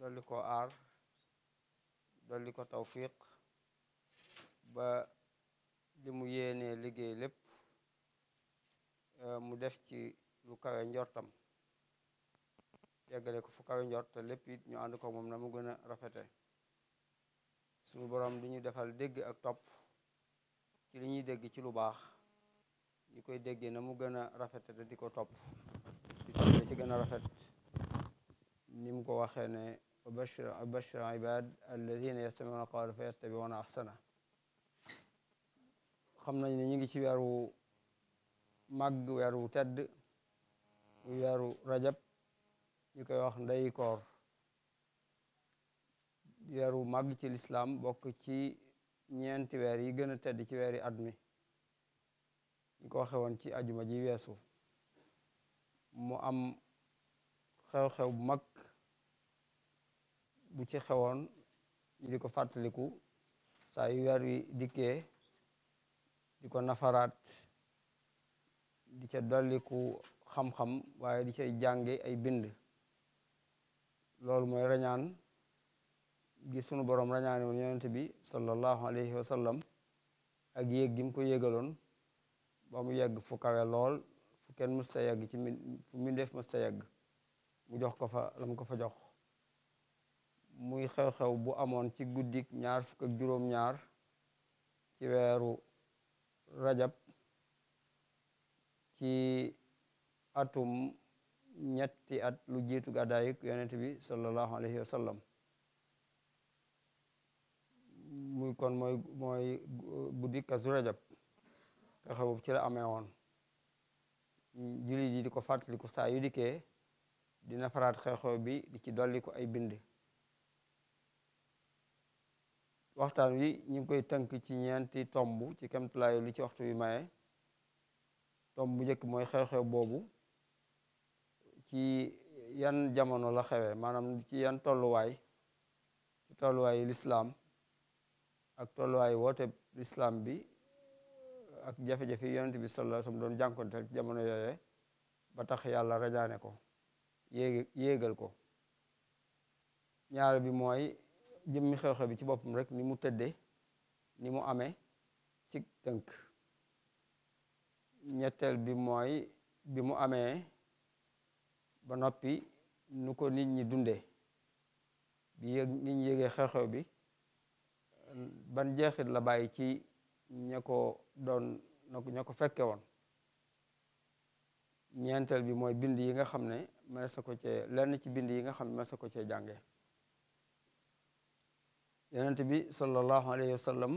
dolli ko aar dolli ko tawfiq ba li mu yéenee liggéey lépp e, mu def ci lu kawe njortam yeggale ko fu kawe njort lépp it ñu ànd ko moom na mu gën a rafete suñu boroom di ñu defal dégg ak topp ci li ñuy dégg ci lu baax ñu koy déggee na mu gën a rafete te di ko topp di ci gën a rafet ni mu ko waxee ne وبشر بشر عباد الذين يستمعون القول فيتبعون احسنه xam nañ ne ñu ngi ci weeru màgg weeru tedd muy weeru rajab ñu koy wax ndey koor weeru màgg ci lislaam bokk ci ñeenti weer yi gën a tedd ci weeri at mi ñu ko waxe ci ajuma ji weesu mu am xew-xew mag bu ci xewoon ñu di ko fàttaliku saa yu weer wi dikkee di ko nafaraat di ca dolliku xam-xam waaye di cay jànge ay bind loolu mooy rañaan gis sunu boroom rañaane woon yonent bi sallallahu alayhi wa ak yéeg gi mu ko yégaloon ba mu yegg fu kawe lool fu kenn mësta fu mbindeef mësta mu jox ko fa lam ko fa jox muy xew-xew bu amoon ci guddik ñaar fukk juróom-ñaar ci weeru rajab ci atum ñetti at lu jiitu gàddaayug yonent bi sallallahu alayhi wa muy kon mooy mooy guddik kasu rajab xew ci la amee woon jullit yi di ko fàttaliku saa yu dikkee dina faraat xew-xew bi di ci dolli ay bind waxtaan wi ñu ngi koy tënk ci ñeenti tomb ci kemtulaayu li ci waxtu wi maye tomb bu njëkk mooy xew-xew boobu ci yan jamono la xewee maanaam ci yan tolluwaay tolluwaay lislaam ak tolluwaayu woote lislaam bi ak jafe-jafe yi yonent bi sallallahu alayhi doon jànkonteel ci jamono yooyee ba tax yàlla rajaane ko yéeg yéegal ko ñaar bi mooy jëmmi xew-xew bi ci boppam rek ni mu tëddee ni mu amee ci tënk ñetteel bi mooy bi mu amee ba noppi nu ko nit ñi dunde bi yëg nit ñi yëgee xew-xew bi ban jeexit la bàyyi ci ña ko doon ña ko fekke woon ñeenteel bi mooy bind yi nga xam ne mënees na ko cee lenn ci bind yi nga xam ne mënees ko cee jànge yonent bi sallallahu alayhi wa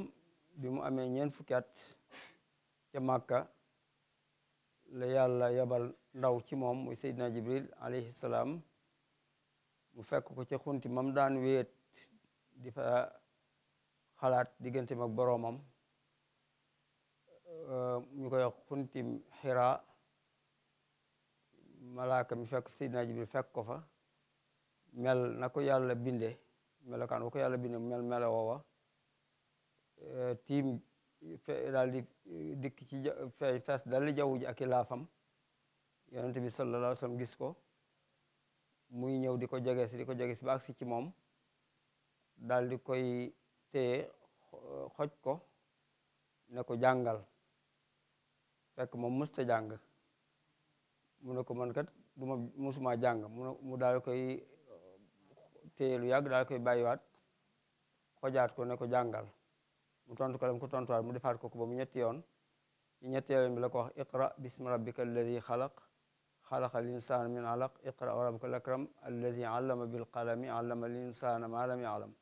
bi mu amee ñeent fukki at ca màkka la yàlla yabal ndaw ci moom muy seydina jibril alayhi salaam mu fekk ko ca xunti mam daan wéet di fa xalaat digganteem ak boroomam euh, ñu ko wax xuntim xira malaaka mi fekk seydina jibril fekk ko fa mel na ko yàlla binde melokaan wa ko yàlla bind mel melowoo eh, tiim daal di eh, dikk ci fee fees dal di jaww ji ak fam laafam yonente bi sallallahu gis ko muy ñëw di ko jege si di ko jege si ba agsi ci moom daal di koy téye xoj ko ne ko jàngal fekk moom mësta jàng mu ne ko man kat du ma mësuma jàng mu ne koy téye lu yàgg daal koy bàyyiwaat xojaat ko ne ko jàngal mu tontu ko lam ko tontuwaat mu defaat ko ko ba mu ñetti yoon ci ñetteeloon bi la ko wax iqra bismi rabbika alladi xalaq xalaqal insaana min alaq iqra wa rabbuka lakram alladi allama bil qalami allama al insaana ma lam yaalam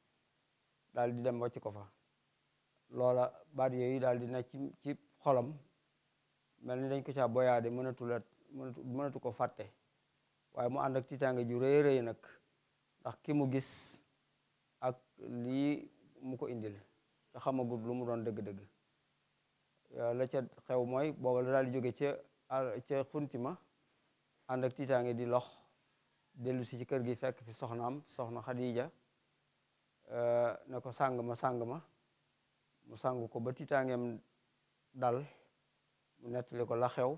daal di dem wàcc ko fa loola baat yooyu daal di na ci ci xolam mel ni dañ ko caa boyaade mënatu la mënatu mënatu ko fàtte waaye mu ànd ak tiitaange ju rëy rëy nag ndax kii mu gis ak lii mu ko indil te xamagul lu mu doon dëgg-dëgg la ca xew mooy booba la daal di jóge ca ca xunti ma ànd ak tiitaange di lox dellusi ci kër gi fekk fi soxnaam soxna Xadija eh, ne ko sàng ma sàng ma mu sàng ko ba tiitaangeem dal mu nettali ko la xew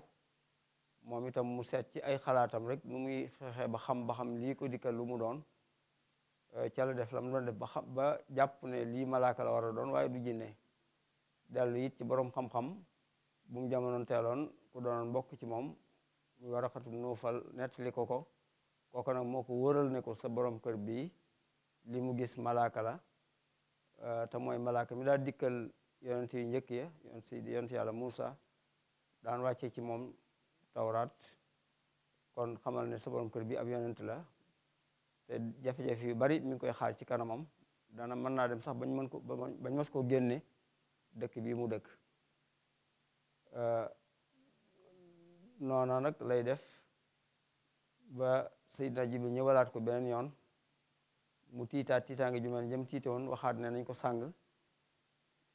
moom itam mu set ci ay xalaatam rek nu muy fexe ba xam ba xam lii ko dikkal lu mu doon Euh, ca def lam doon def ba xam jàpp ne lii malaaka la war doon waaye du jinne dellu it ci borom xam-xam bu mu jamonoon teeloon ku doonoon mbokk ci moom mu war a xatum nuufal nettali ko koko kooku nag moo ko wóoral ne ko sa borom kër bii li mu gis malaaka la euh, te mooy malaaka mi daal dikkal yonent yu njëkk ya yonent si yonent yàlla Muusa daan wàccee ci moom tawraat kon xamal ne sa borom kër bi ab yonent la te jafe-jafe yu bari mi ngi koy xaar ci kanamam dana mën naa dem sax bañ mën ko bañ mas koo génne dëkk bii mu dëkk noona nag lay def ba Seydina Jibril ñëwalaat ko beneen yoon mu tiitaat tiitaange ju mel jëm tiite woon waxaat ne nañ ko sàng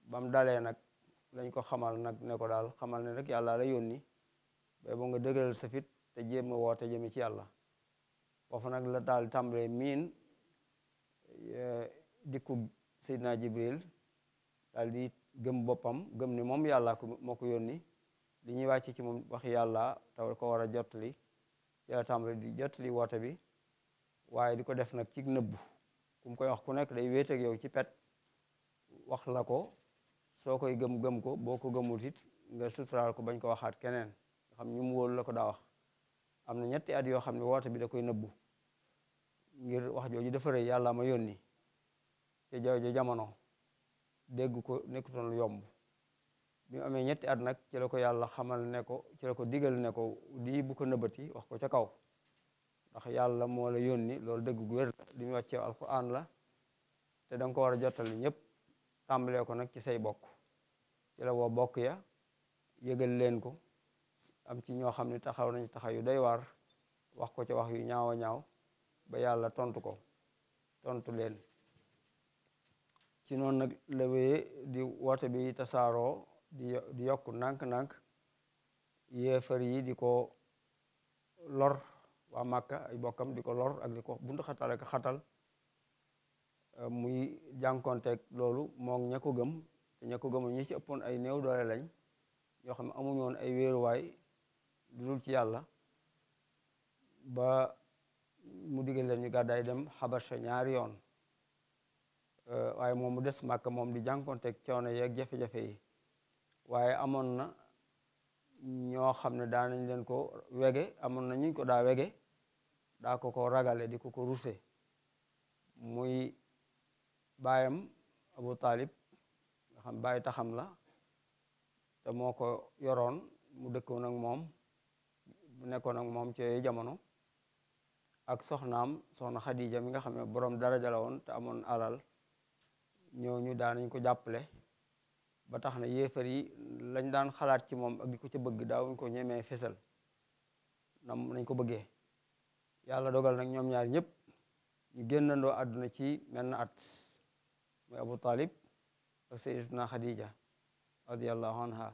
bam dalee nag lañ ko xamal nag ne ko daal xamal ne rek yàlla la yónni ba bo nga dëgëral sa te jéem a woote jëme ci yàlla foofu nag la daal tàmbalee miin eh, dikku Seydina Jibril daal di gëm boppam gëm ni moom yàlla ko moo ko yónni li ñuy wàcc ci moom wax yàlla taw ko war a jotli ci la di jotli woote bi waaye di ko def nag ci nëbbu ku koy wax ku nekk day wéet yow ci pet wax la ko soo koy gëm gëm ko boo ko gëmut it nga suturaal ko bañ ko waxaat keneen xam ñu mu la ko daa wax am na ñetti at yoo xam ne woote bi da koy nëbbu ngir wax jooju dafa yàlla ma yónni te jooju jamono dégg ko nekkutoon yomb bi mu amee ñetti at nag ci la ko yàlla xamal ne ko ci la ko digal ne ko lii bu ko nëbbati wax ko ca kaw ndax yàlla moo la yónni loolu dëgg gu wér li muy wàccee alquran la te dang ko war a jottali ñëpp tàmbalee ko nag ci say bokk ci la woo bokk ya yëgal leen ko am ci ñoo xam ne taxaw nañ taxaw yu day waar wax ko ci wax yu ñaaw ñaaw ba yàlla tontu ko tontu leen ci noonu nag la wéyee di woote bi tasaaroo di yokk nànk-nànk yéefar yi di ko lor waa Màkka ay bokkam di ko lor ak di ko buntu xatal ak xatal euh, muy jànkonteeg loolu moom ña ko gëm te ña ko gëm ñu ci ëppoon ay néew doole lañ ñoo xam ne amuñu ay wéeruwaay lu dul ci yàlla ba mu digal leen ñu gàddaay dem xabasha ñaari yoon euh, waaye moom mu des màkk moom di jànkonteeg coono yeeg jafe-jafe yi waaye amoon na ñoo xam ne daa nañ leen ko wege amoon na ñuñ ko daa wege daa ko ko ragale di ko ko ruse muy baayam Abu Talib nga xam bàyyi taxam la te moo ko yoroon mu dëkkoon ak moom bu nekkoon ak moom ci yooyu jamono ak soxnaam soxna Xadija mi nga xam ne borom daraja la woon te amoon alal ñooñu daan nañ ko jàppale ba tax na yéefar yi lañ daan xalaat ci moom ak di ko ci bëgg daawuñ ko ñemee fesal nam nañ ko bëggee yàlla dogal nag ñoom ñaar ñëpp ñu génnandoo àdduna ci menn at muy Abu Talib ak Sayyidatuna Xadija radiyallahu anha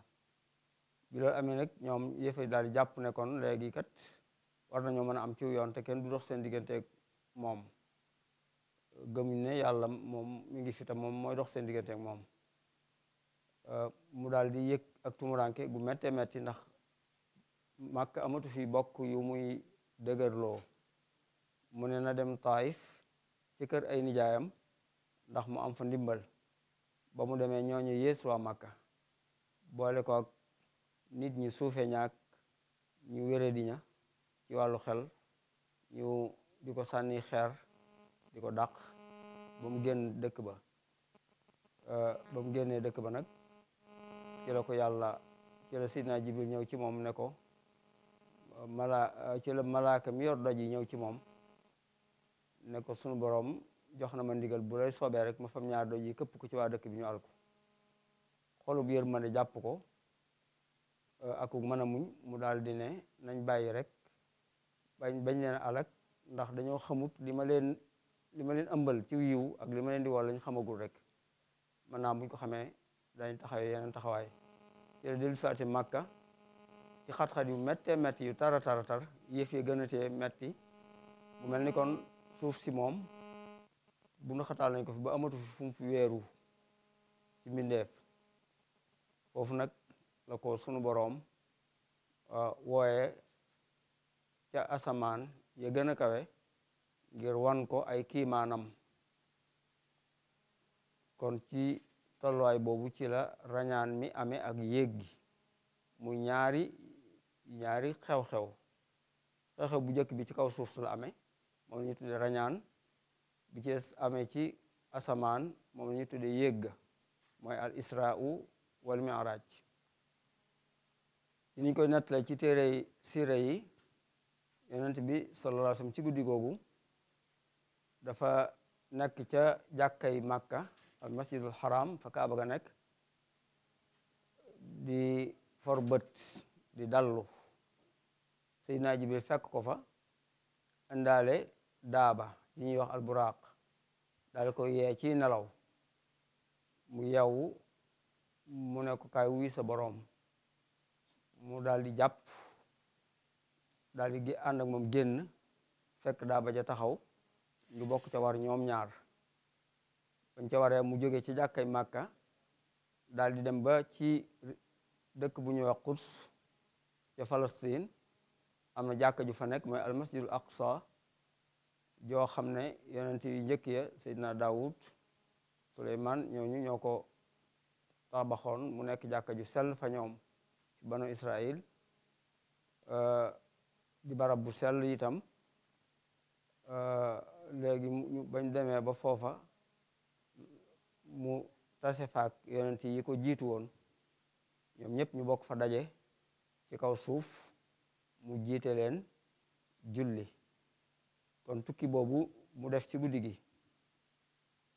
bi loolu amee nag ñoom yëfay daal di jàpp ne kon léegi kat war nañoo mën a am ciw yoon te kenn du dox seen digganteeg moom gëmuñ ne yàlla moom mi ngi fi moom mooy dox seen digganteeg moom euh, mu daal di yëg ak tumuranke gu méttee métti ndax màkk amatu fi bokk yu muy dëgërloo mu ne na dem taif ci kër ay nijaayam ndax mu am fa ndimbal ba mu demee ñooñu yées waa màkka boole ko nit ñi suufee ñaak ñu di ña ci wàllu xel ñu di ko sànni xeer di ko dàq ba mu génn dëkk ba euh, ba mu génnee dëkk ba nag ci ko yàlla ci la sidna jibril ñëw ci moom ne ko mala euh, ci la malaaka mi yor doj yi ñëw ci moom ne ko sunu boroom jox na ma ndigal bu lay soobee rek ma fam ñaar doj yi këpp ko ci waa dëkk bi ñu àl ko ma ne jàpp ko Euh, akuk mën a muñ mu daal di ne nañ bàyyi rek bañ bañ leen alak ndax dañoo xamut li ma leen li ma leen ëmbal ci yiw ak li ma leen di wol lañ xamagul rek mën naa buñ ko xamee dañ taxawee yeneen taxawaay ci la ci xat-xat yu méttee métti yu tara tara tar yëf yi gën a te metti mu mel ni kon suuf si moom bu nu xataal nañ ko fi ba amatu fi fi weeru ci mbindeef foofu nag la ko sunu boroom wooye ca asamaan ya gën a kawe ngir wan ko ay kiimaanam kon ci tolluwaay boobu ci la rañaan mi amee ak yéeg gi mu ñaari ñaari xew-xew xew-xew bu njëkk bi ci kaw suuf sul la amee moom la ñu tuddee rañaan bi ci des amee ci asamaan moom la ñu tuddee yéeg ga mooy al israa wal mi'raaj dinañ koy nettale ci téere siira yi yonent bi sallallahu alayhi wa sallam ci guddi googu dafa nekk ca jàkkay màkka al masjidul haram fa kaaba ga nekk di forbët di dallu Seydina Jibril fekk ko fa indaale daaba di ñuy wax alburaaq daal ko yee ci nelaw mu yewwu mu ne ko kaay wuy sa boroom mu daldi jàpp daal di ànd moom génn fekk daa baja taxaw ñu bokk ca war ñoom ñaar bañ ca waree mu jóge ci jàkkay màkka daal di dem ba ci dëkk bu ñuy wax Quds ca Palestine am na jàkka ju fa nekk mooy almasjidul aqsa joo xam ne yonent yu njëkk ya Seydina Daawud Suleymaan ñooñu ñoo ko tabaxoon mu nekk jàkka ju sell fa ñoom banu Israil euh, di barab bu sell itam euh, léegi bañ demee ba foofa mu tase faak yonent yi ko jiitu woon ñoom ñëpp ñu bokk fa daje ci kaw suuf mu jiite leen julli kon tukki boobu mu def ci guddi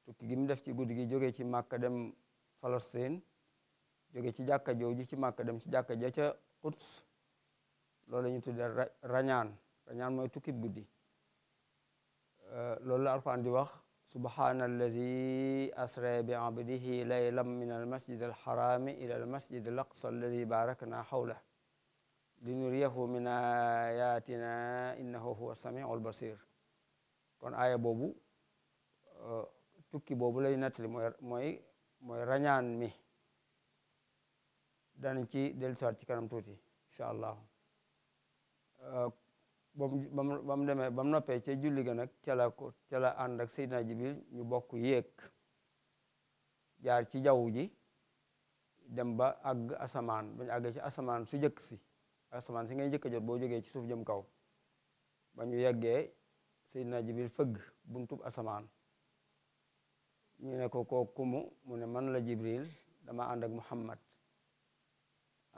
tukki gi mu def ci guddi gi jóge ci Màkka dem Palestine jóge ci jàkka jooju ci màkk dem ci jàkka ja ca Quds loolu la ñu tuddee rañaan rañaan mooy tukkib guddi loolu la alquran di wax subhana allazi asra bi abdihi laylan min almasjid alxarami ila almasjid alaqsa alladi barakna xawla linuriyahu min ayatina innahu huwa samiu albasir kon aaya boobu uh, tukki boobu lay nettali mooy mooy mooy rañaan mi danañ ci dellusiwaat ci kanam tuuti incha allah ba mu ba demee ba noppee ca julli ga nag ca la ko ànd ak Seydina Jibril ñu bokk yéeg jaar ci jaww ji dem ba àgg asamaan ba ñu ci asamaan su jëkk si asamaan si ngay jëkk jot boo jógee ci suuf jëm kaw ba ñu yeggee Seydina Jibril fëgg buntub asamaan ñu ne ko mu mu ne man la Jibril dama ànd ak Muhammad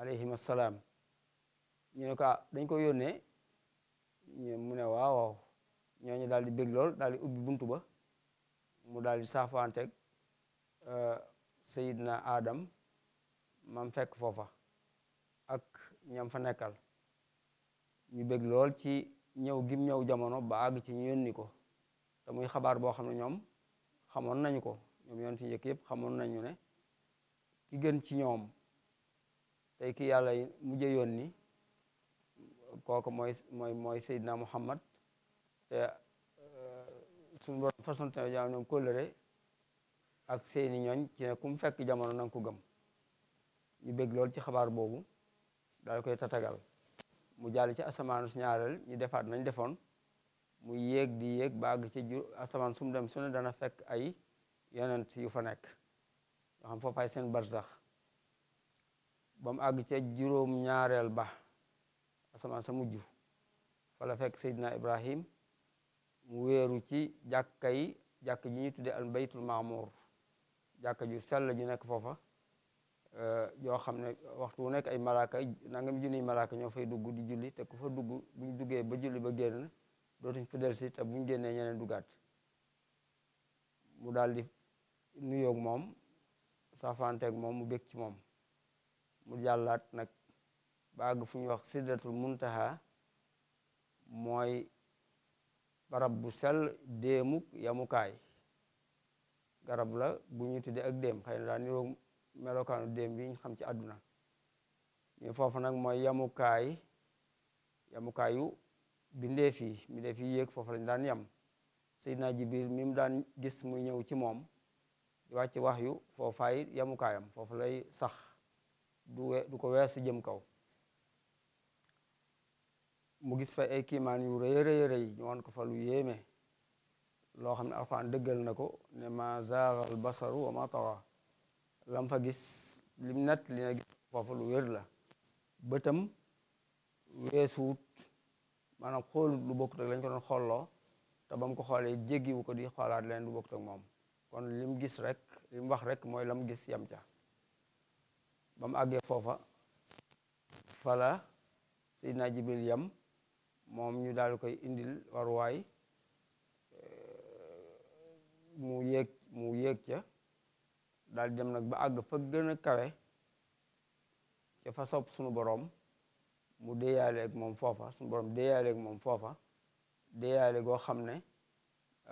alayhim assalaam ñu ne ko ah, dañ ko yónnee ñu mu ne waaw waaw ñooñu daal di bég lool daal di ubbi buntu ba mu daal di saafaanteeg euh, sayidna adam mam fekk foofa ak ñam fa nekkal ñu bég lool ci ñëw gim ñëw jamono ba àgg ci ñu yónni ko te muy xabaar boo xam ne ñoom xamoon nañ ko ñoom yoon ci njëkk yëpp xamoon nañu ne ki gën ci ñoom tey ki yàlla mujj yónni kooku mooy mooy mooy Seydina Muhammad te euh, suñu borom façon te jaam ñoom kóllëre ak seeni ñooñ ci ne fekk jamono nanga ko gëm ñu bég lool ci xabaar boobu daal koy tatagal mu jàll ci asamaan su ñaareel ñu defaat nañ defoon mu yéeg di yéeg ba ci jur asamaan su dem su ne dana fekk ay yonent yu fa nekk yoo xam foofaay seen barzax ba mu àgg ca juróom ñaareel ba asamaan sa mujj fa fekk Seydina Ibrahim mu wéeru ci jàkka yi jàkk ji ñuy tuddee al baytul maamuur jàkka ju sell ju nekk foofa yoo euh, xam ne waxtu wu nekk ay malaaka nangam junniy malaka ñoo fay dugg di julli te ku fa dugg bu ñu duggee ba julli ba génn dootuñ fa delsi te buñ ñu génnee ñeneen duggaat mu daldi di nuyoog moom saafaanteeg moom mu bég ci moom mu jàllaat nag baag fu ñuy wax sidratul muntaha mooy barab bu sell déemuk yamukaay garab la bu ñu tuddee ak déem xëy na daa melokaanu déem bi xam ci àdduna ñu foofu nag mooy yamukaay yamukaayu bindee fi bindee fi yéeg foofu lañ daan yam Seydina Jibril mi mu daan gis muy ñëw ci moom di wàcc wax yu foofaay yamukaayam foofu lay sax du du ko weesu jëm kaw mu gis fa ay kiimaan yu rëy rëy ñu won ko fa lu yéeme loo xam ne alxuraan na ko ne ma zaagal basaru wa ma tawa lam fa gis lim nat li na gis foofu lu wér la bëtam weesuwut maanaam xoolut lu bokkut ak lañ ko doon te ba ko xoolee jéggiwu ko di xoolaat leen lu bokkut ak moom kon lim gis rek lim wax rek mooy lam gis yam ca ba mu àggee foofa fala Seydina Jibril yam moom ñu daal koy indil waruwaay eh, mu yéeg mu yéeg ca daal dem nag ba àgg fa gën a kawe ca fa sopp sunu boroom mu déeyaale ak moom foofa sunu boroom déeyaale moom foofa déeyaale goo xam ne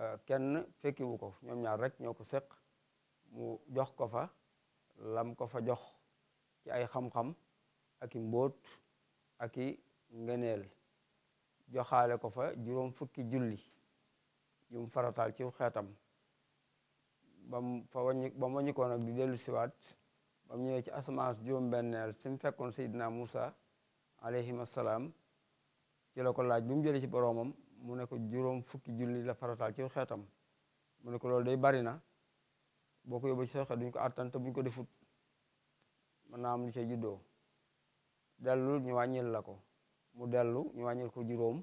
eh, kenn fekkiwu ko ñoom ñaar rek ñoo ko séq mu jox ko fa lam ko fa jox ci ay xam-xam ak mboot mbóot ak i ngeneel joxaale ko fa juróom fukki julli yum farataal ci xeetam bam fa waññi bam waññi ko nag di dellu siwaat bam ñëwee ci asamaan juróom benneel si mu fekkoon Seydina Muusa alayhim assalaam ci la ko laaj bi mu jëlee ci boroomam mu ne ko juróom fukki julli la farataal ci xeetam mu ne ko loolu day bari boo ko yóbbu ci sa duñ ko àttan te buñ ko defut mën naa am lu ca juddoo dellu ñu wàññil la ko mu dellu ñu wàññil ko juróom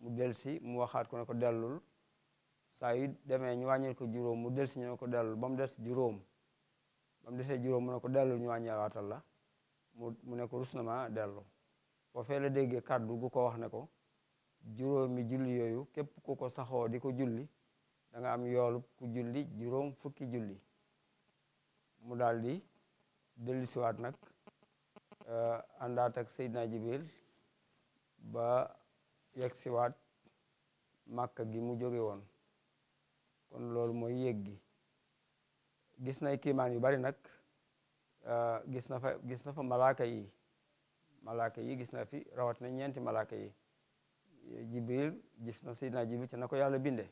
mu delsi mu waxaat ku ne ko dellul saa yu demee ñu wàññil ko juróom mu delsi ñu ne ko dellul ba mu des juróom ba desee juróom mu ne ko dellul ñu wàññiwaatal la mu ne ko rus na ma dellu foofee la déggee kàddu gu ko wax ne ko juróomi julli yooyu képp ku ko saxoo di ko julli danga am yoolu ku julli juróom fukki julli mu daldi dellu siwaat nag eh, àndaat ak Seydina Jibril ba yegg siwaat màkka gi mu jóge woon kon loolu mooy yéeg gi gis na kiimaan yu bari nag eh, gis na fa gis na fa malaaka yi malaaka yi gis na fi rawat na ñeenti malaaka yi jibril gis na Seydina Jibril ci na ko yàlla binde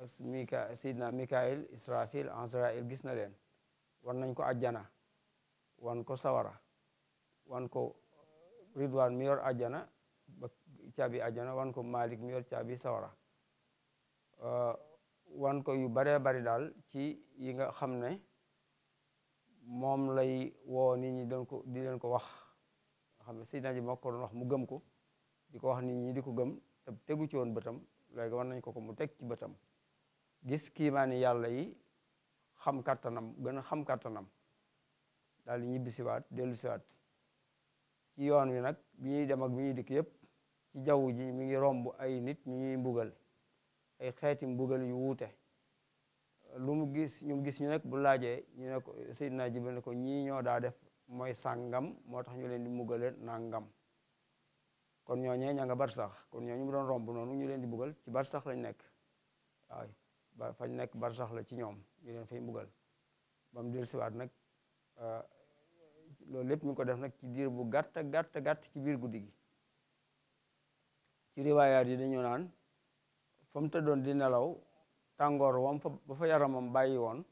ak Mika Seydina Mikail Israfil Azrail gis na leen war nañ ko ajjana wan ko sawara wan ko ridwan mi yor ajjana caabi ajjana wan ko malik mi yor caabi sawara wan ko yu baree bari daal ci yi nga xam ne moom lay woo nit ñi doon ko di ko wax xam ne Seydina ji moo ko doon wax mu gëm ko di ko wax nit ñi di ko gëm te tegu ci woon bëtam léegi wan nañ ko ko mu teg ci bëtam gis kiimaani yàlla yi xam kàttanam gën a xam kàttanam daal di ñibbisiwaat siwaat ci yoon wi nag bi ñuy dem ak bi ñuy dikk yépp ci jaww ji mi ngi romb ay nit ñu ñuy mbugal ay xeeti mbugal yu wuute lu mu gis ñu gis ñu nekk bu laajee ñu ne ko Seydina Jibril ne ko ñii ñoo daa def mooy sangam moo tax ñu leen di mbugalee nangam kon ñoo ña nga bar sax kon ñooñu mu doon romb noonu ñu leen di mbugal ci bar sax lañ nekk waaw ba fañ la ci ñoom ñu leen fay mbugal ba mu dellusiwaat nag Euh, loolu lépp ñu ko def nag ci diir bu gàtt gàtt gàtt ci biir guddi gi ci riwaayaat yi dañu naan fa mu tëddoon di nelaw tàngoor wam fa ba fa yaramam bàyyi woon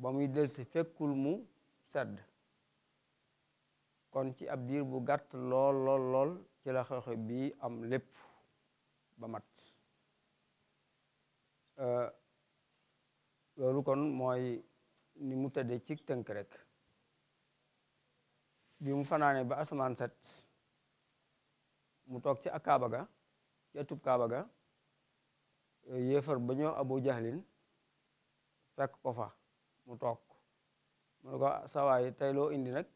ba muy delsi fekkul mu sedd kon ci ab diir bu gàtt lool lool lool ci la xew-xew bii am lépp ba mat euh, loolu kon mooy ni mu tëdde ci tënk rek bi mu fanaanee ba asamaan set mu toog ci ak kaaba ga ci ëttub kaaba ga yéefar ba ñëw abu jahlin fekk ko fa mu toog mu ne ko sawaay tey loo indi nag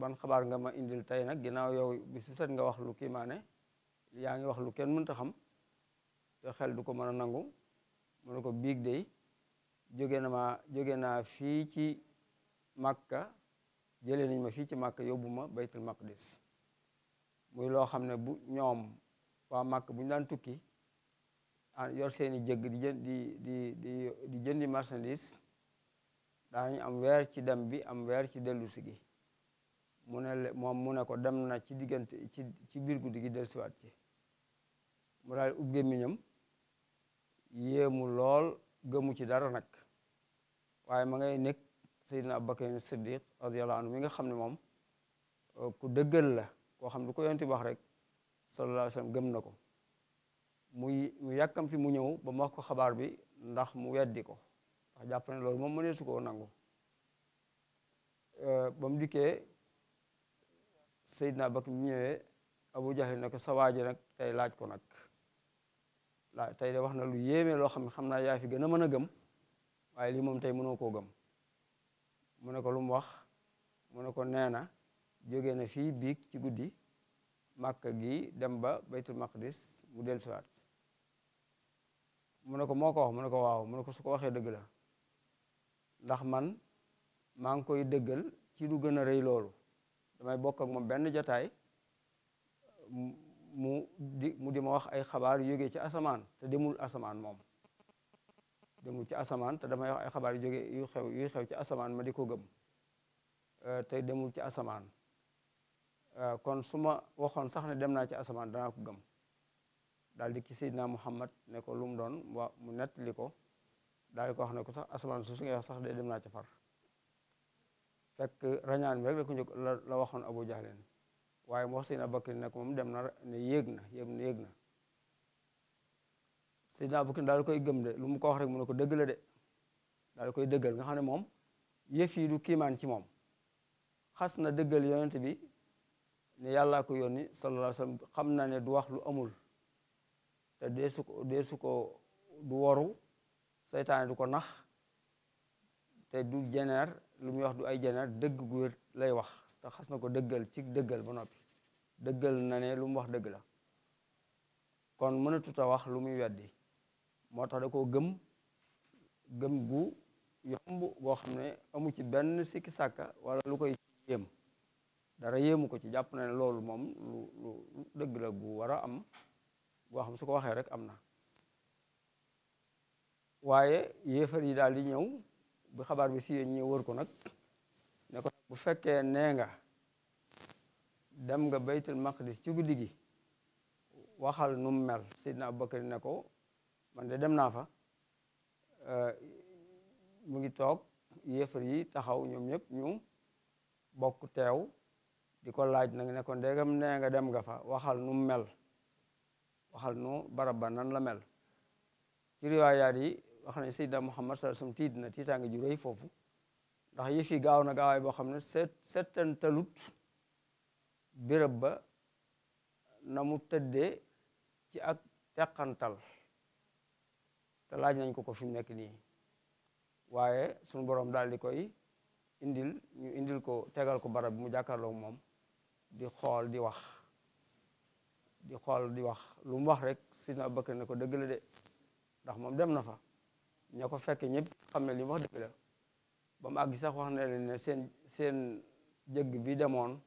ban xabaar nga ma indil tey nag ginnaaw yow bis bu set nga wax lu kii yaa ngi wax lu kenn mënta xam te xel du ko mën a nangu mu ne ko biig day jóge na jóge naa fii ci Makka jëlee nañ ma fii ci Makka yóbbu ma baytul des muy loo xam ne bu ñoom waa Makka bu ñu daan tukki ah, yor seeni jëgg di di di di di jëndi marchandise daañu am weer ci dem am weer ci dellusi gi mu ne moom mu ne ko dem na ci diggante ci ci biir guddi gi dellusiwaat ci mu daal ubbi gémmiñam yéemu lool gëmu ci dara nag waaye ma ngay nekk Seydina Abubakar Siddiq radiyallahu anhu mi nga xam ne moom euh, ku dëggal la koo xam ne lu ko yonti wax rek sallallahu gëm na ko muy yàkkamti mu ñëw ba mu wax ko xabaar bi ndax mu weddi ko ndax jàpp ne loolu moom mënee su koo nangu euh, ba mu dikkee Seydina Abubakar mu ñëwee Abu Jahl ne ko sa waa ji nag tey laaj ko nag la tey de wax na lu yéeme loo xam ne xam naa yaa fi gën a mën a gëm waaye lii moom tey mënoo koo gëm mu ne ko lu mu wax mu ne ko nee na jóge na fii biig ci guddi màkk gi dem ba baytul maqdis mu dellusiwaat mu ne ko moo ko wax mu ne ko waaw mu ne ko su ko waxee dëgg la ndax man maa ngi koy dëggal ci lu gën a rëy loolu damay bokk ak moom benn jataay mu di mu di ma wax ay xabaar yu ci asamaan te demul asamaan moom jëmul ci asamaan te damay wax ay xabaar yu jóge yu xew yu xew ci asamaan ma di ko gam euh, te demul ci asamaan euh, kon su ma waxoon sax ne dem naa ci asamaan danaa ko gëm daal di ci Seydina Muhammad ne ko lu mu doon wa mu nettali ko daal di ko wax ne ko sax asamaan su su ngay sax de dem naa ca far fekk rañaan bi rek la ko njëkk la waxoon Abu Jahlin waaye mu wax Seydina Bakri ne ko moom dem na ne yéeg na yéeg na na Seydina Abubakar daal koy gëm de lu mu ko wax rek mu ne ko dëgg la de daal koy dëggal nga xam ne moom yëf du kiimaan ci moom xas na dëggal yonent bi ne yàllaa ko yónni sallallahu alayhi wa sallam xam na ne du wax lu amul te deesu ko ko du woru seytaane du ko nax te du jeneer lu muy wax du ay jeneer dëgg gu wér lay wax te xas na ko dëggal ci dëggal ba noppi dëggal na ne lu mu wax dëgg la kon mënatuta wax lu muy weddi moo tax da ko gëm gëm gu yomb goo xam ne amu ci benn sikki sàkka wala lu koy yéem dara yéemu ko ci jàpp na ne loolu moom lu lu dëgg la gu war a am goo xam su ko waxee rek am na waaye yéefar yi daal di ñëw bu xabaar bi siiwee ñëw wër ko nag ne bu fekkee nee nga dem nga baytul maqdis ci guddi gi waxal nu mu mel naa Abubakar ne ko man de dem naa fa euh, mu ngi toog yéefar yi taxaw ñoom ñëpp ñu bokk teew di ko laaj nag ne ko ndegam nee nga dem nga fa waxal nu mel waxal nu barab ba nan la mel ci riwaayaat yi wax nañ Seydina Muhammad sallallahu tiit na tiitaange ju rëy foofu ndax yëf yi gaaw na gaawaay boo xam ne seet seetantalut béréb ba na mu tëddee ci ak teqantal te laaj nañ ko ko fi mu nekk nii waaye suñu boroom daal di koy indil ñu indil ko tegal ko barab bi mu jàkkaarloo moom di xool di wax di xool di wax lu mu wax rek sidna bëkk na ko dëgg la de ndax moom dem na fa ña ko fekke ñépp xam ne li mu wax dëgg la ba mu àgg sax wax na leen ne seen seen jëgg bi demoon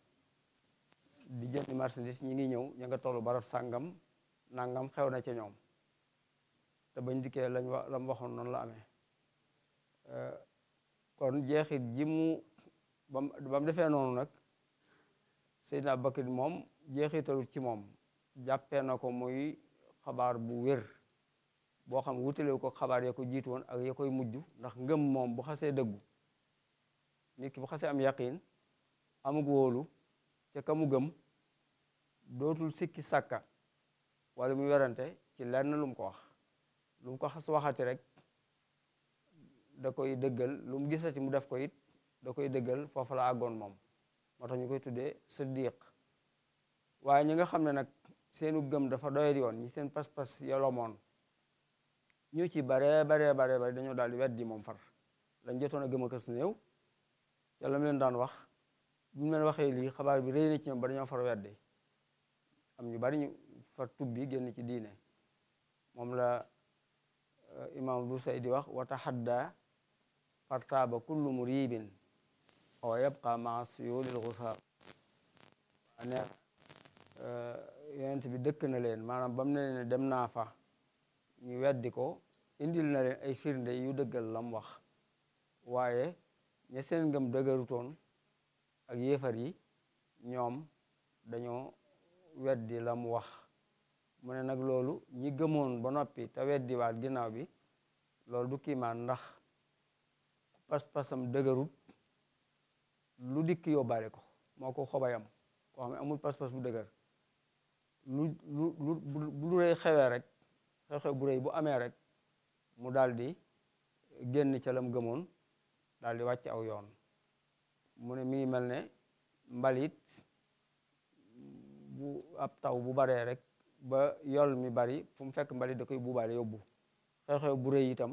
di jëndi marchandise ñi ngi ñëw ña nga tollu barab sàngam nangam xew na ca ñoom te bañ dikkee lañ wax lam waxoon noonu la amee eh, kon jeexit jimu mu bam defee noonu nag naa Bakir moom jeexitalu ci moom jàppee na ko muy xabaar bu wér boo xam wutalewu ko xabaar ya ko jiitu woon ak ya koy mujj ndax ngëm moom bu xasee dëggu nit bu xasee am yaqin amug woolu ca ka mu gëm dootul sikki sàkka walla muy werante ci lenn lu mu ko wax lu mu ko xas waxati rek da koy dëggal lu mu gisati mu def ko it da koy dëggal foofu la àggoon moom moo tax ñu koy tuddee siddiq waaye ñi nga xam ne nag seenu gëm dafa doyadi yoon ñi seen pas-pas yolomoon ñu ci baree baree baree bare dañoo daal di weddi moom far lañ jotoon a gëm a kës néew ca la leen daan wax bu mu leen waxee lii xabaar bi rëy na ci ñoom ba dañoo far weddi am ñu bari ñu far tubbi génn ci diine moom la Eh, imaam Busayri di wax wa taxadda fartaaba kullu muribin wa yabqa maa suyulil xusaar ne eh, yonent bi dëkk na leen maanaam bam ne leen dem naa fa ñu weddi ko indil na leen ay firnde yu dëggal lam wax waaye ña seen ngëm dëgërutoon ak yéefar yi ñoom dañoo weddi lam wax mu ne nag loolu ñi gëmoon ba noppi te weddiwaat ginnaaw bi loolu du kiimaan ndax pas-pasam dëgërut lu dikk yóbbaale ko moo ko xobayam koo xam amul pas-pas bu dëgër lu lu lu bu rëy xewee rek xew-xew bu rëy bu amee rek mu daldi génn ca lam gëmoon daldi wàcc aw yoon mu ne mii mel ne mbalit bu ab taw bu baree rek ba yool mi bari fu mu fekk mbalit da koy buubaale yóbbu xew-xew bu rëy itam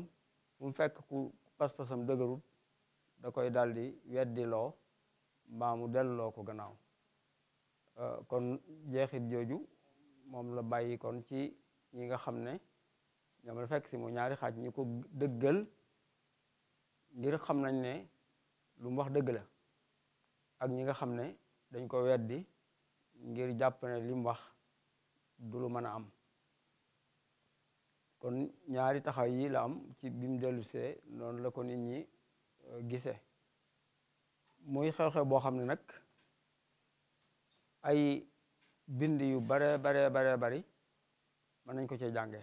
fu mu fekk ku pas-pasam dëgërut da koy daldi weddiloo mbaa mu delloo ko gannaaw euh, kon jeexit jooju moom la bàyyi kon ci ñi nga xam ne ñoom la fekk si mu ñaari xaaj ñu ko dëggal ngir xam nañ ne lu mu wax dëgg la ak ñi nga xam ne dañ ko weddi ngir jàpp ne li wax du lu mën a am kon ñaari taxaw yi la am ci bim dellusee noonu la ko nit ñi euh, gise muy xew-xew boo xam ne nag ay bind yu bare bare bare bari mën nañ ko cee jànge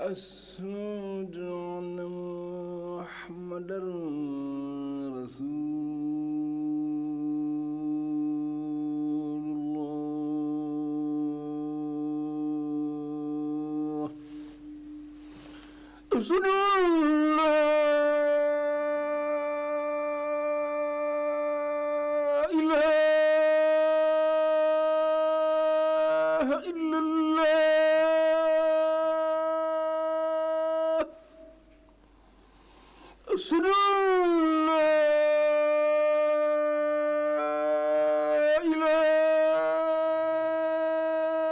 أشهد أن محمدا رسول الله أشهد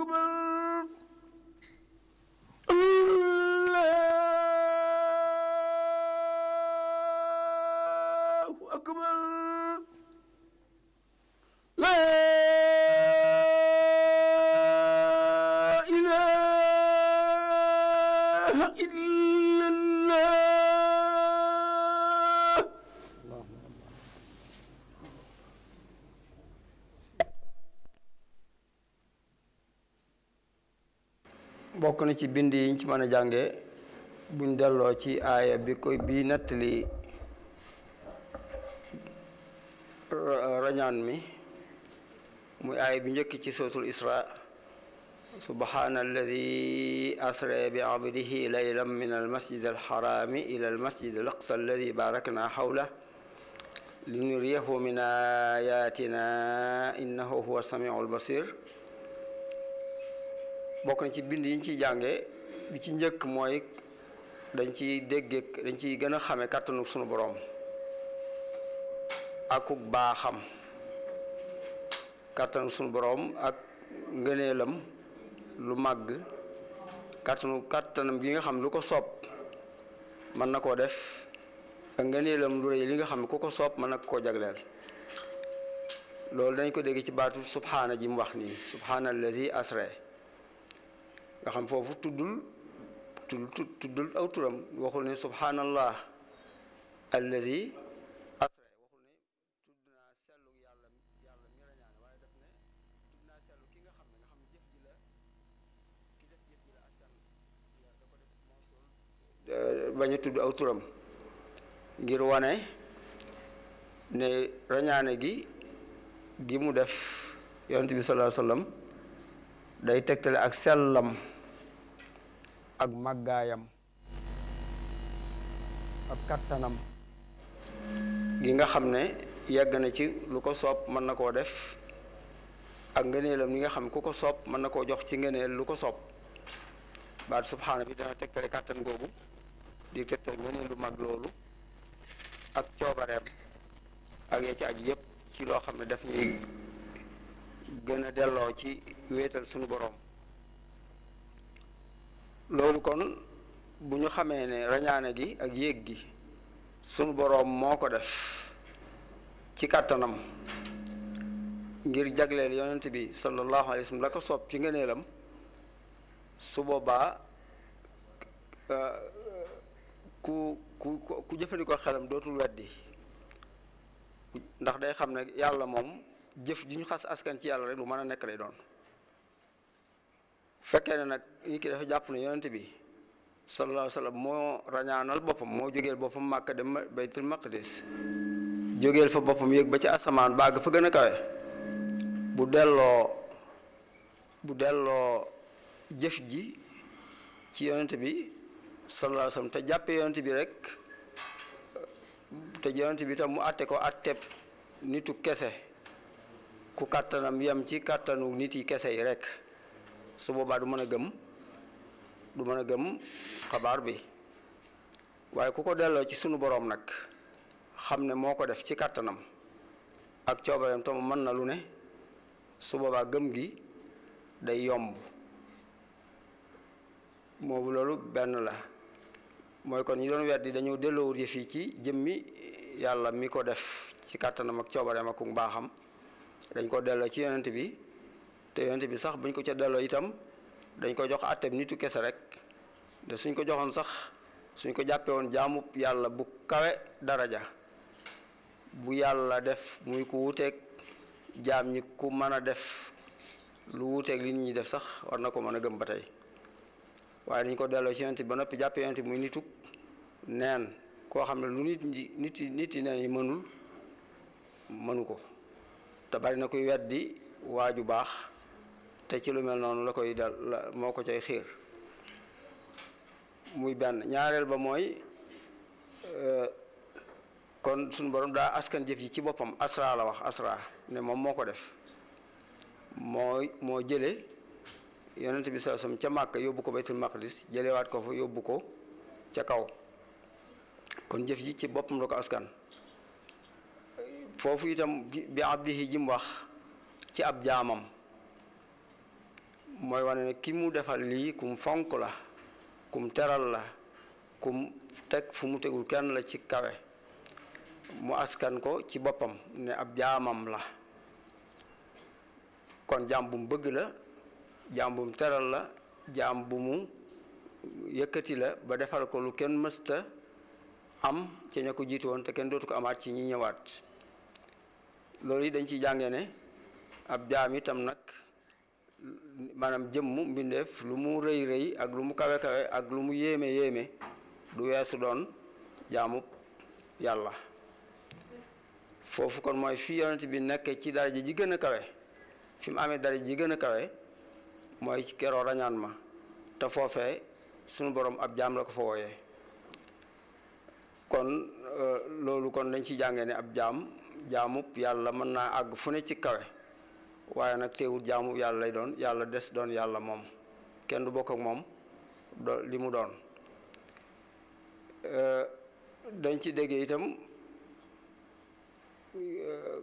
أكبر bokk na ci bind yiñ ci mën a jànge buñ delloo ci aaya bi koy bi nettali rañaan mi muy aaya bi njëkk ci suratul isra subhaana alladi asra bi abdihi laylan min almasjid alxaraami ila almasjid alaqsa alladi barakna xawla linuriyahu min ayatina innahu huwa samiu albasir bokk na ci bind yi ñu ciy jànge bi ci njëkk mooy dañ ci dégge dañ ciy gën a xame kàttanu sunu boroom akuk baaxam kàttanu sunu boroom ak ngëneelam lu màgg kàttanu kàttanam gi nga xam lu ko soob mën na koo def ak ngëneelam lu rëy li nga xam ne ku ko soob mën na koo jagleel loolu dañ ko dégg ci baatu subhaana ji mu wax nii subhaana allazi asra nga xam foofu tuddul tuddul aw turam waxul ne subhanallah allazi asra waxul ne tudd naa sellu yàlla mi la tudd xam ne bañ tudd aw turam ngir wane ne rañaane gi gi mu def yonent bi sallallahu day tegtale ak sellam ak màggaayam ak kattanam gi nga xam ne yàgg na ci lu ko soob mën na koo def ak ngëneelam li nga xam ne ku ko soob mën na koo jox ci ngëneel lu ko soob baat subhaana bi dana tegtale kàttan googu di tegtale ngëneel lu mag loolu ak coobareem ak ya ci aju yépp ci loo xam ne daf ñuy gën a delloo ci wéetal sunu boroom loolu kon bu ñu xamee ne rañaane gi ak yéeg gi sunu boroom moo ko def ci kàttanam ngir jagleen yonent bi sallallahu alayhi wa la ko soob ci ngëneelam su boobaa euh, ku ku ku jëfandikoo xelam dootul weddi ndax day xam ne yàlla moom jëf ju ñu xas askan ci yàlla rek lu mën a nekk lay doon fekke ne nag nit ki dafa jàpp ne yonent bi sallallahu alayhi wa moo rañaanal boppam moo jógeel boppam màkka dem baytul maqdis jógeel fa boppam yéeg ba ci asamaan bàgg fa gën a kawe bu delloo bu delloo jëf ji ci yonent bi sallallahu alayhi te jàppee yonent bi rek te yonent bi tam mu àtte ko àtteeb nitu kese ku kàttanam yam ci kàttanu nit yi kese yi rek su boobaa du mën a gëm du mën a gëm xabaar bi waaye ku ko delloo ci sunu boroom nag xam ne moo ko def ci kàttanam ak coobareem tam mën na lu ne su boobaa gëm gi day yomb moobu loolu benn la mooy kon ñi doon weddi dañoo delloowut yi fii ci jëmmi yàlla mi ko def ci kàttanam ak coobareem ak ku baaxam dañ koo delloo ci yonent bi te yonent bi sax buñ ko ca delloo itam dañ ko jox àtteeb nitu kese rek te suñ ko joxoon sax suñ ko jàppee woon jaamub yàlla bu kawe daraja bu yàlla def muy ku wuuteeg jaam ñi ku mën a def lu wuuteeg li ñuy def sax war na ko mën a gëm ba tey waaye dañ ko delloo ci yonent ba noppi jàppee yonent muy nituk neen koo xam ne lu nit ñi nit yi nit yi neen yi mënul mënu ko te bari na kuy weddi waaju baax te ci lu mel noonu la koy dal moo ko cay xiir muy benn ñaareel ba mooy euh, kon suñu borom daa askan jëf yi ci boppam asra la wax asra ne moom moo ko def mooy moo jële yonent bi sallallahu alayhi ca Màkka yóbbu ko baytul maqdis jëlewaat ko fa yóbbu ko ca kaw kon jëf yi ci boppam la ko askan foofu itam bi abdihi ji mu wax ci ab jaamam mooy wane ne ki mu defal lii kum fonk la kum teral la kum teg fu mu tegul kenn la ci kawe mu askan ko ci boppam ne ab jaamam la kon jaam bu mu bëgg la jaam bu mu teral la jaam bu mu yëkkati la ba defal ko lu kenn mësta am ci ña ko jiitu woon te kenn dootu ko amaat ci ñi ñëwaat loolu yi dañ ci jànge ne ab jaam itam nag maanaam jëmm mbindeef lu mu rëy rëy ak lu mu kawe kawe ak lu mu yéeme yéeme du weesu doon jaamub yàlla foofu kon mooy fi yonent bi nekk ci daraja ji gën a kawe fi mu amee daraja ji gën a kawe mooy ci keroo rañaan ma te foofee sunu borom ab jaam la ko fa wooyee kon euh, loolu kon dañ ci jàngee ne ab jaam jaamub yàlla mën naa àgg fu ne ci kawe waaye nag teewul jaamu yàlla lay doon yàlla des doon yàlla moom kenn du bokk moom do li mu doon euh, dañ ci déggee itam euh,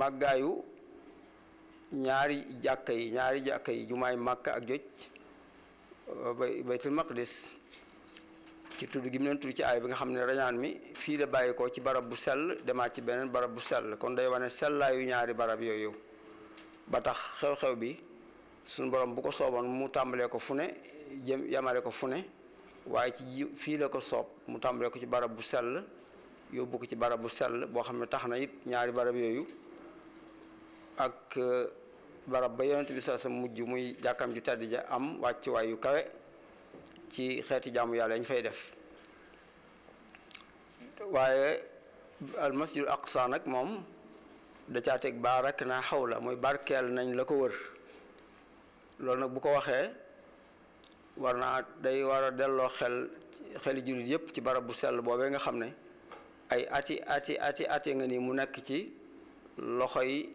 màggaayu ñaari jàkka yi ñaari jàkka yi jumaay màkk ak joj euh, bay baytul maqdis ci tudd gi mu leen tudd ci aay bi nga xam ne rañaan mi fii la bàyyi ko ci barab bu sell demaat ci beneen barab bu sell kon day wane sellaayu ñaari barab yooyu ba tax xew-xew bi suñu borom bu ko sooboon mu tàmbalee ko fu ne jëm yamale ko fu ne waaye ci ji fii la ko soob mu tàmbalee ko ci barab bu sell yóbbu ko ci barab bu sell boo xam ne tax na it ñaari barab yooyu ak euh, barab ba yonent bi sa sa mujj muy jàkkam ju tedd ja am wàccuwaay yu kawe ci xeeti jàmm yàlla ñu fay def waaye almasjidul aqsa nag moom da caa teg baarak naa xaw la mooy barkeel nañ la ko wër loolu nag bu ko waxee war naa day war a delloo xel xeli jullit yépp ci barab bu sell boobee nga xam ne ay ati ati ati ati nga ni mu nekk ci loxoy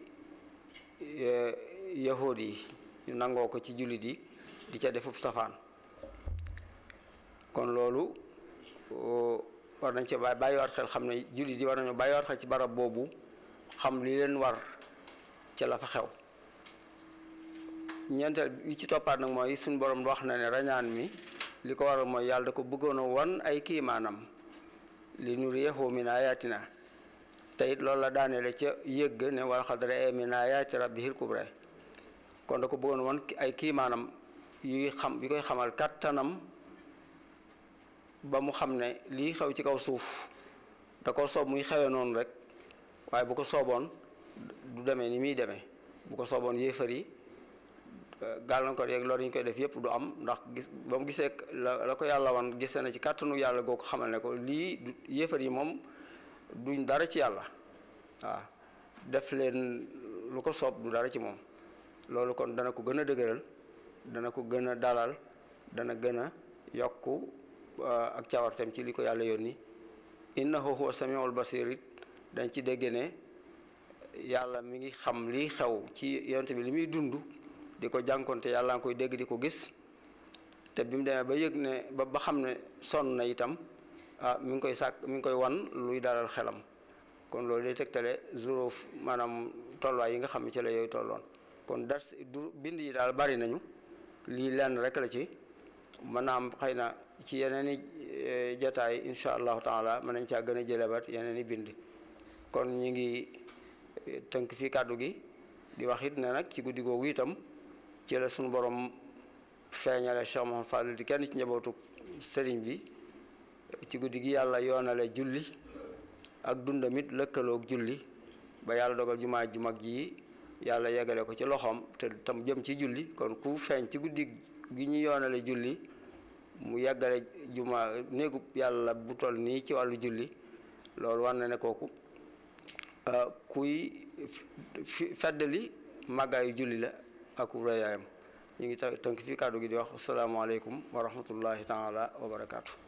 e, yahood yi ñu nangoo ko ci jullit yi di ca defub safaan kon loolu war nañ ci bàyyiwaat xel xam ne jullit yi war nañu bàyyiwaat xel ci barab boobu xam li leen war ca la fa xew ñeenteel bi ci toppaat nag mooy suñ borom wax na ne rañaan mi li ko waral mooy yàlla da ko bëggoon wan ay kiimaanam li nuriyahu min ayatina te it loolu la daaneele ca yëgg ne wala xadra e min ayati rabbihil kubra kon da ko bëggoon wan ay kiimaanam yuy xam yu koy xamal kattanam ba mu xam ne lii xew ci kaw suuf da ko soob muy xewe noonu rek waaye bu ko sooboon du demee ni muy demee bu ko sooboon yéefar yi euh, gàllankoor yeeg lor yi ñu koy def yépp du am ndax gis ba mu gisee la la ko yàlla wan gisee na ci kàttanu yàlla goo ko xamal ne ko lii yéefar yi moom duñ dara ci yàlla waaw def leen lu ko soob du dara ci moom loolu kon dana ko gën a dëgëral dana ko gën a dalal dana gën a yokk euh, ak cawartem ci li ko yàlla yónni innahu huwa samiul basir dañ ci dégg ne yàlla mi ngi xam liy xew ci yonent bi li muy dund di ko jànkonte yàlla nga koy dégg di ko gis te bi mu demee ba yëg ne ba xam ne sonn na itam ah mu ngi koy sàkk mi ngi koy wan luy dalal xelam kon loolu day tegtale zuróof maanaam tolluwaay yi nga xam ne ci la yooyu tolloon kon dars du bind yi daal bari nañu lii lenn rek la ci mën naa na ci yeneen i eh, jataay incha allahu taala mën nañ caa gën a jëlebat yeneen i bind kon ñi ngi eh, tënk fi kàddu gi di wax it ne nag ci guddi googu itam ci la sunu borom feeñale Cheikh Mouhamed Fadil di kenn ci njabootu sëriñ bi ci guddi gi yàlla yoonale julli ak dundamit lëkkaloog julli ba yàlla dogal jumaa ju mag ji yàlla yeggale ko ci loxoom te tam jëm ci julli kon ku feeñ ci guddi gi ñu yoonale julli mu yeggale jumaa néegub yàlla bu toll nii ci wàllu julli loolu war na ne kooku Euh, kuy feddali màggaayu julli la ak rëyaayam ñu ngi tank fi kàddu gi di wax asalaamaaleykum wa rahmatullahi taala wa